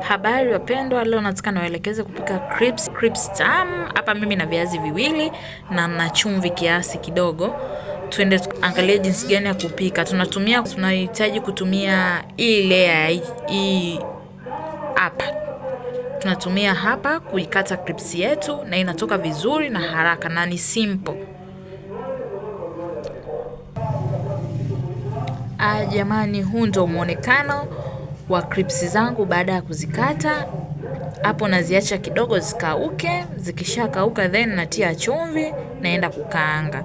Habari wapendwa, leo nataka niwaelekeze kupika crisps, crisps tam. Hapa mimi na viazi viwili na na chumvi kiasi kidogo. Tuende angalie jinsi gani ya kupika. Tunatumia, tunahitaji kutumia hii layer hii hapa, tunatumia hapa kuikata crisps yetu, na inatoka vizuri na haraka na ni simple. Ah, jamani, huu ndo mwonekano wa crips zangu baada ya kuzikata hapo naziacha kidogo zikauke. Zikishakauka then natia chumvi, naenda kukaanga.